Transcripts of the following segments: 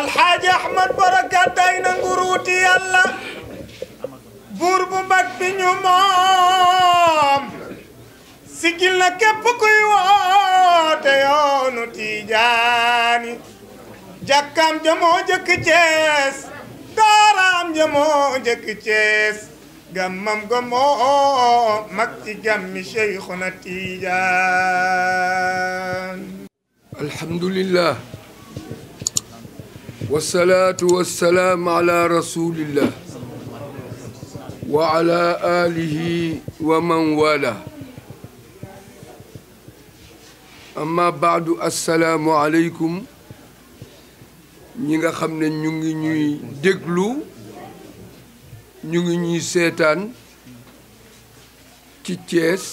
الحاج احمد بركاته داينا غروتي يلا بور بو مك بي نيو موم سيجيلنا كيب كوي يونو تيجاني جاكام جمو جك تشيس دارام جمو جك تشيس غمم غمو مك تي شيخنا تيجان الحمد لله والصلاة والسلام على رسول الله وعلى آله ومن والاه أما بعد السلام عليكم نيغا خامن نيغي ني ديغلو نيغي ني سيتان تي تيس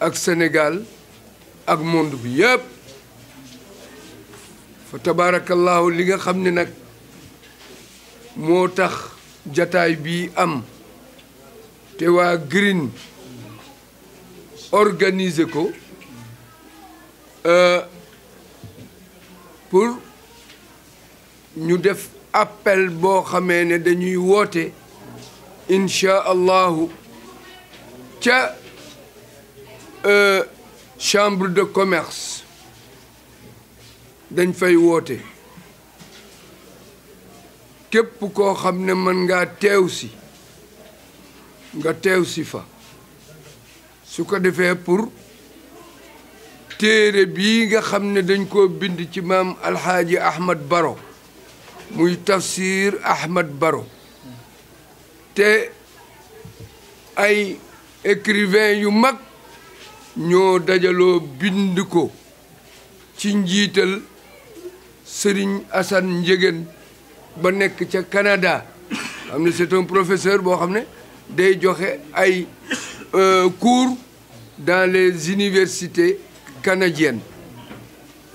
اك سنغال اك موند بي فتبارك الله اللي خمني نك موتخ جتاي بي أم jataay جرين am te waa pour ñu def appel bo xamé ne dañuy woote incha allahu ca chambre de commerce dañ fay woote képp koo xam ne mën ngaa teew si nga teew si fa su ko defee pour téere bi nga xam ne dañ koo bind ci maam alxaaji Ahmad Baro muy tafsir Ahmad Baro te ay écrivain yu mag ñoo dajaloo bind ko ci njiital Serigne Hassan Ndiéguène ba nek ci Canada xam c'est un professeur bo xamné day joxé ay euh, cours dans les universités canadiennes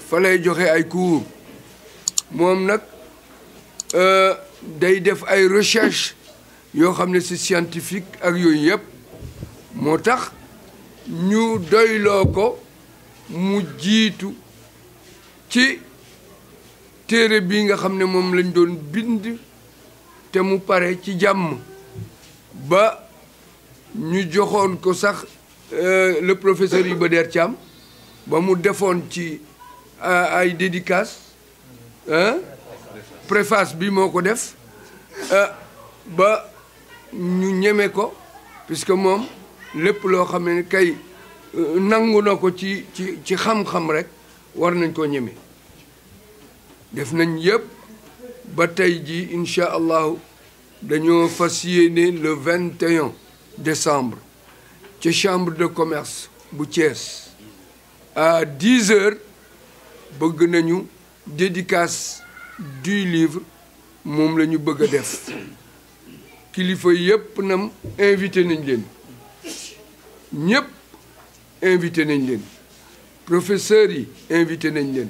fa lay joxe ay cours nak euh day def ay recherche yo xamné c'est ci scientifique ak yooyu yep, moo ñu doylo ko mu jitu ci je bi nga xamné ne lañ doon bind té ci ba ñu joxone ko euh, le professeur Iba Der ba mu defoon ci euh, ay dédicace hein, préface bi sommes euh ba ñu ñëmé ko puisque mom kay euh, ci ci xam def nañ fait ba bataille ji incha allahu dañoo fas le 21 décembre ci chambre de commerce bu Thiès à 10 heures bëgg nañu dédicace du livre moom la ñu bëgg a def kilifa yëpp nam invité nañ leen ñëpp invité nañ leen professeurs yi invité nañ leen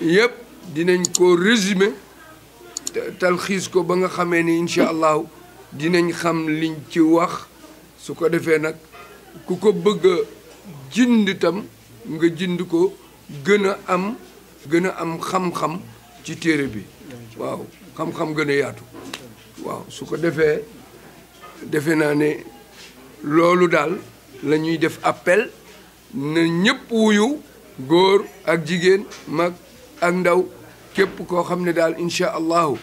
yépp dinañ ko résumer talxiis ko ba nga xamee ni incha allahu dinañ xam liñ ci wax su ko defee nag ku ko bëgg a jënd tam nga jënd ko gën a am gën a am xam-xam ci téere bi waaw xam-xam gën yaatu waaw su ko defee defe naa ne loolu daal lañuy def appel na ñëpp wuyu góor ak jigéen mag ak ndaw képp koo xam ne daal incha allahu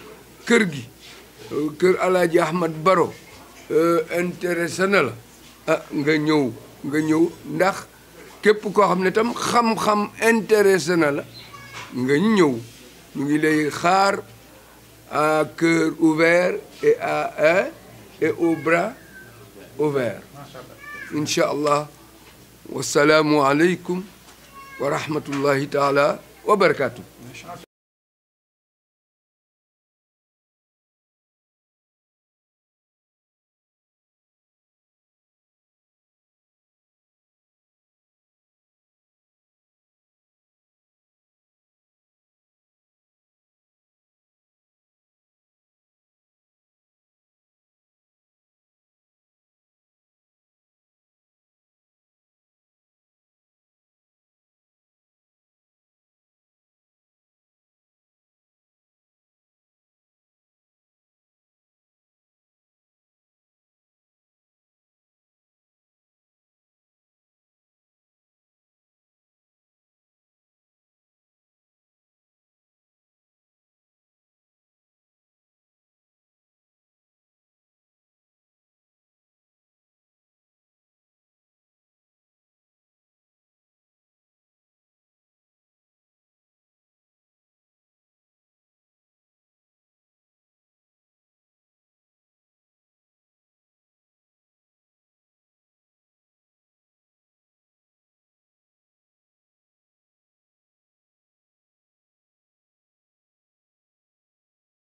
kër gi kër alaaji Ahmad Baro intéressé na la ah nga ñëw nga ñëw ndax képp koo xam ne tam xam-xam intéressé na la nga ñëw ñu ngi lay xaar à cœur ouvert et à et au bras ouvert incha allah wasalaamu aleykum wa rahmatullahi taala wa barakaatu.